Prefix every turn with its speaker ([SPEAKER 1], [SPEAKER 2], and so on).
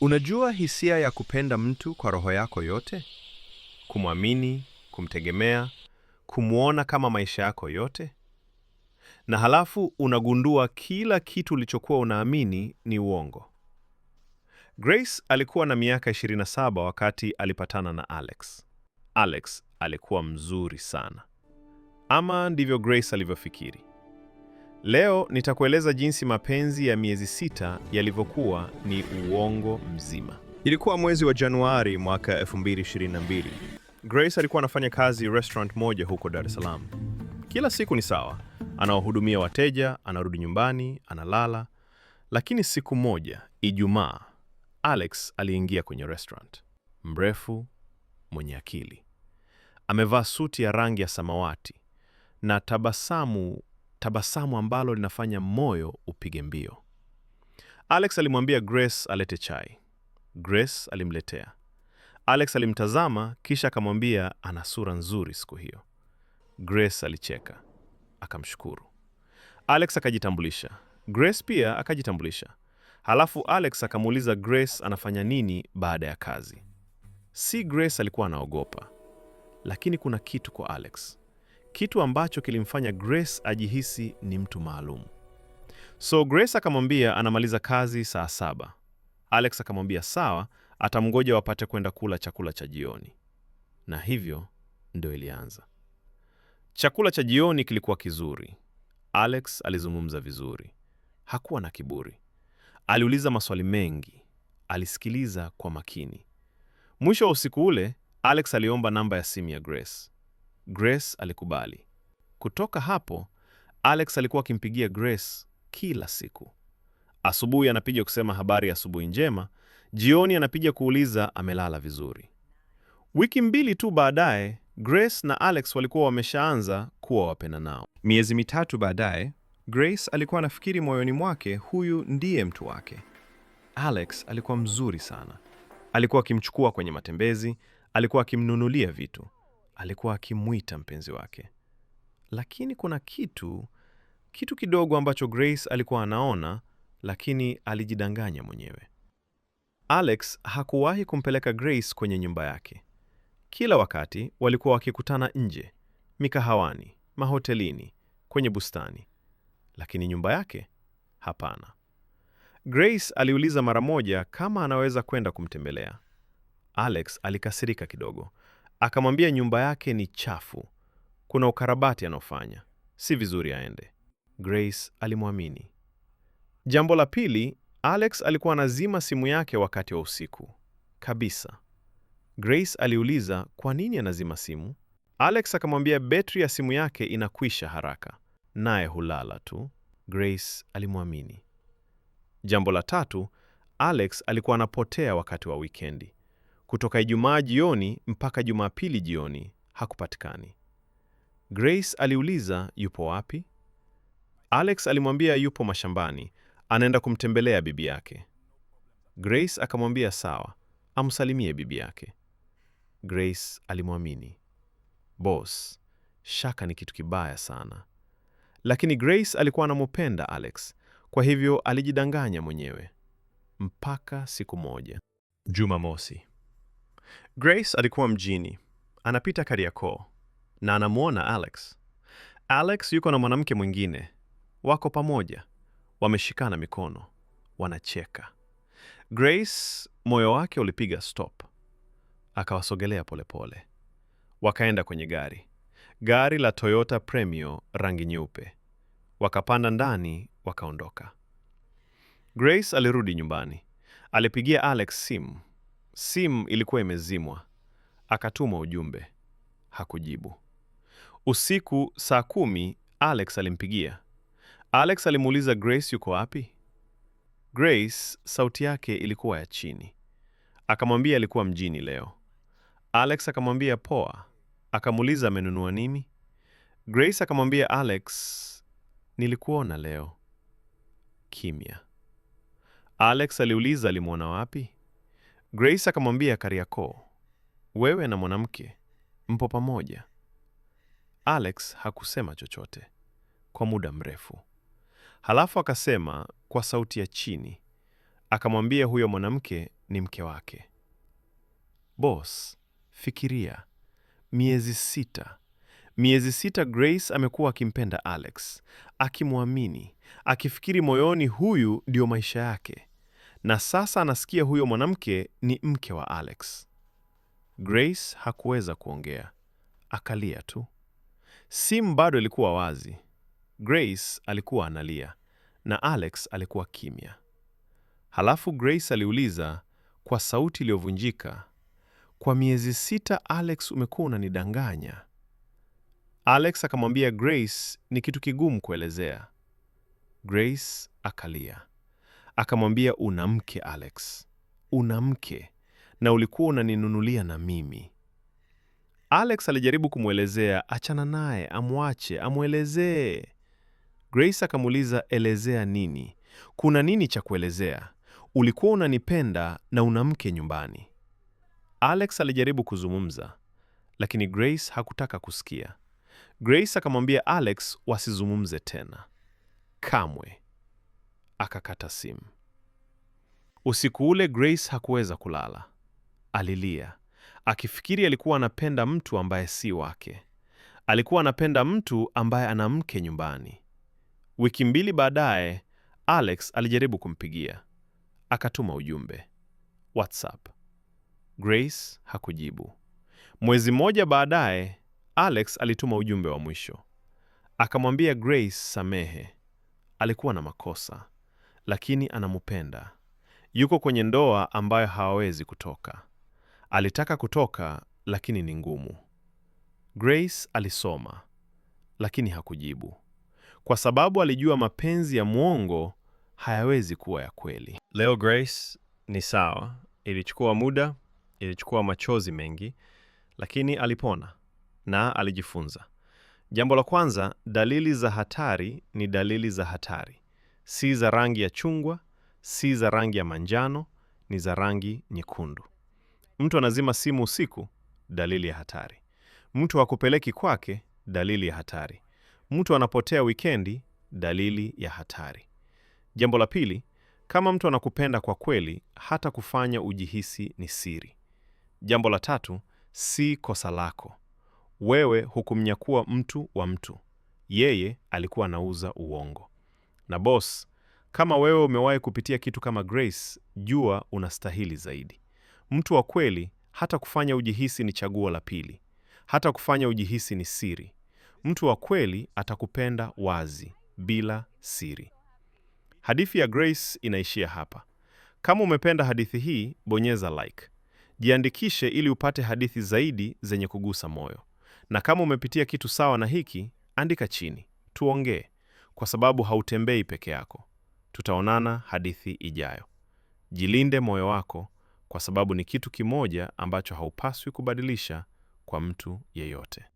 [SPEAKER 1] Unajua hisia ya kupenda mtu kwa roho yako yote, kumwamini, kumtegemea, kumwona kama maisha yako yote, na halafu unagundua kila kitu ulichokuwa unaamini ni uongo. Grace alikuwa na miaka 27 wakati alipatana na Alex. Alex alikuwa mzuri sana, ama ndivyo Grace alivyofikiri. Leo nitakueleza jinsi mapenzi ya miezi sita yalivyokuwa ni uongo mzima.
[SPEAKER 2] Ilikuwa mwezi wa Januari mwaka 2022. Grace alikuwa anafanya kazi restaurant moja huko Dar es Salaam. Kila siku ni sawa, anawahudumia wateja, anarudi nyumbani, analala. Lakini siku moja Ijumaa, Alex aliingia kwenye restaurant, mrefu, mwenye akili, amevaa suti ya rangi ya samawati na tabasamu tabasamu ambalo linafanya moyo upige mbio. Alex alimwambia Grace alete chai. Grace alimletea. Alex alimtazama kisha akamwambia ana sura nzuri siku hiyo. Grace alicheka akamshukuru. Alex akajitambulisha, Grace pia akajitambulisha. Halafu Alex akamuuliza Grace anafanya nini baada ya kazi. Si Grace alikuwa anaogopa, lakini kuna kitu kwa Alex kitu ambacho kilimfanya Grace ajihisi ni mtu maalum. So Grace akamwambia anamaliza kazi saa saba. Alex akamwambia sawa, atamngoja wapate kwenda kula chakula cha jioni, na hivyo ndio ilianza. Chakula cha jioni kilikuwa kizuri. Alex alizungumza vizuri, hakuwa na kiburi. Aliuliza maswali mengi, alisikiliza kwa makini. Mwisho wa usiku ule, Alex aliomba namba ya simu ya Grace. Grace alikubali. Kutoka hapo, Alex alikuwa akimpigia Grace kila siku. Asubuhi anapiga kusema habari asubuhi njema, jioni anapiga kuuliza amelala vizuri. Wiki mbili tu baadaye, Grace na Alex walikuwa wameshaanza kuwa nao Miezi mitatu baadaye, Grace alikuwa anafikiri moyoni mwake, huyu ndiye mtu wake. Alex alikuwa mzuri sana, alikuwa akimchukua kwenye matembezi, alikuwa akimnunulia vitu alikuwa akimwita mpenzi wake, lakini kuna kitu kitu kidogo ambacho Grace alikuwa anaona, lakini alijidanganya mwenyewe. Alex hakuwahi kumpeleka Grace kwenye nyumba yake. Kila wakati walikuwa wakikutana nje, mikahawani, mahotelini, kwenye bustani, lakini nyumba yake hapana. Grace aliuliza mara moja kama anaweza kwenda kumtembelea. Alex alikasirika kidogo, Akamwambia nyumba yake ni chafu, kuna ukarabati anaofanya, si vizuri aende. Grace alimwamini. Jambo la pili, Alex alikuwa anazima simu yake wakati wa usiku kabisa. Grace aliuliza kwa nini anazima simu. Alex akamwambia betri ya simu yake inakwisha haraka, naye hulala tu. Grace alimwamini. Jambo la tatu, Alex alikuwa anapotea wakati wa wikendi kutoka Ijumaa jioni mpaka Jumapili jioni hakupatikani. Grace aliuliza yupo wapi? Alex alimwambia yupo mashambani, anaenda kumtembelea bibi yake. Grace akamwambia sawa, amsalimie bibi yake. Grace alimwamini. Boss, shaka ni kitu kibaya sana. Lakini Grace alikuwa anamupenda Alex, kwa hivyo alijidanganya mwenyewe. Mpaka siku moja
[SPEAKER 1] Jumamosi. Grace alikuwa mjini, anapita Kariakoo na anamwona Alex. Alex yuko na mwanamke mwingine, wako pamoja, wameshikana mikono, wanacheka. Grace moyo wake ulipiga stop, akawasogelea polepole, wakaenda kwenye gari, gari la Toyota Premio rangi nyeupe, wakapanda ndani, wakaondoka. Grace alirudi nyumbani, alipigia Alex simu Simu ilikuwa imezimwa. Akatumwa ujumbe, hakujibu. Usiku saa kumi Alex alimpigia. Alex alimuuliza Grace yuko wapi. Grace sauti yake ilikuwa ya chini, akamwambia alikuwa mjini leo. Alex akamwambia poa, akamuuliza amenunua nini. Grace akamwambia Alex, nilikuona leo. Kimya. Alex aliuliza alimwona wapi. Grace akamwambia kariako wewe na mwanamke mpo pamoja. Alex hakusema chochote kwa muda mrefu, halafu akasema kwa sauti ya chini, akamwambia huyo mwanamke ni mke wake. Boss, fikiria, miezi sita miezi sita Grace amekuwa akimpenda Alex, akimwamini, akifikiri moyoni huyu ndiyo maisha yake na sasa anasikia huyo mwanamke ni mke wa Alex. Grace hakuweza kuongea, akalia tu. Simu bado ilikuwa wazi. Grace alikuwa analia na Alex alikuwa kimya. Halafu Grace aliuliza kwa sauti iliyovunjika, kwa miezi sita Alex, umekuwa unanidanganya? Alex akamwambia Grace ni kitu kigumu kuelezea. Grace akalia akamwambia, una mke Alex, una mke na ulikuwa unaninunulia na mimi. Alex alijaribu kumwelezea achana naye, amwache, amwelezee. Grace akamuuliza, elezea nini? Kuna nini cha kuelezea? Ulikuwa unanipenda na una mke nyumbani. Alex alijaribu kuzungumza, lakini Grace hakutaka kusikia. Grace akamwambia Alex wasizungumze tena kamwe akakata simu. Usiku ule Grace hakuweza kulala, alilia akifikiri alikuwa anapenda mtu ambaye si wake. Alikuwa anapenda mtu ambaye ana mke nyumbani. Wiki mbili baadaye, Alex alijaribu kumpigia, akatuma ujumbe WhatsApp. Grace hakujibu. Mwezi mmoja baadaye, Alex alituma ujumbe wa mwisho, akamwambia Grace, samehe, alikuwa na makosa lakini anamupenda. Yuko kwenye ndoa ambayo hawawezi kutoka. Alitaka kutoka, lakini ni ngumu. Grace alisoma, lakini hakujibu kwa sababu alijua mapenzi ya mwongo hayawezi kuwa ya kweli.
[SPEAKER 2] Leo Grace ni sawa. Ilichukua muda, ilichukua machozi mengi, lakini alipona na alijifunza. Jambo la kwanza, dalili za hatari ni dalili za hatari si za rangi ya chungwa, si za rangi ya manjano, ni za rangi nyekundu. Mtu anazima simu usiku, dalili ya hatari. Mtu hakupeleki kwake, dalili ya hatari. Mtu anapotea wikendi, dalili ya hatari. Jambo la pili, kama mtu anakupenda kwa kweli, hata kufanya ujihisi ni siri. Jambo la tatu, si kosa lako wewe. Hukumnyakua mtu wa mtu, yeye alikuwa anauza uongo na boss, kama wewe umewahi kupitia kitu kama Grace, jua unastahili zaidi. Mtu wa kweli hata kufanya ujihisi ni chaguo la pili, hata kufanya ujihisi ni siri. Mtu wa kweli atakupenda wazi, bila siri. Hadithi ya Grace inaishia hapa. Kama umependa hadithi hii, bonyeza like, jiandikishe ili upate hadithi zaidi zenye kugusa moyo. Na kama umepitia kitu sawa na hiki, andika chini tuongee kwa sababu hautembei peke yako. Tutaonana hadithi ijayo. Jilinde moyo wako, kwa sababu ni kitu kimoja ambacho haupaswi kubadilisha kwa mtu yeyote.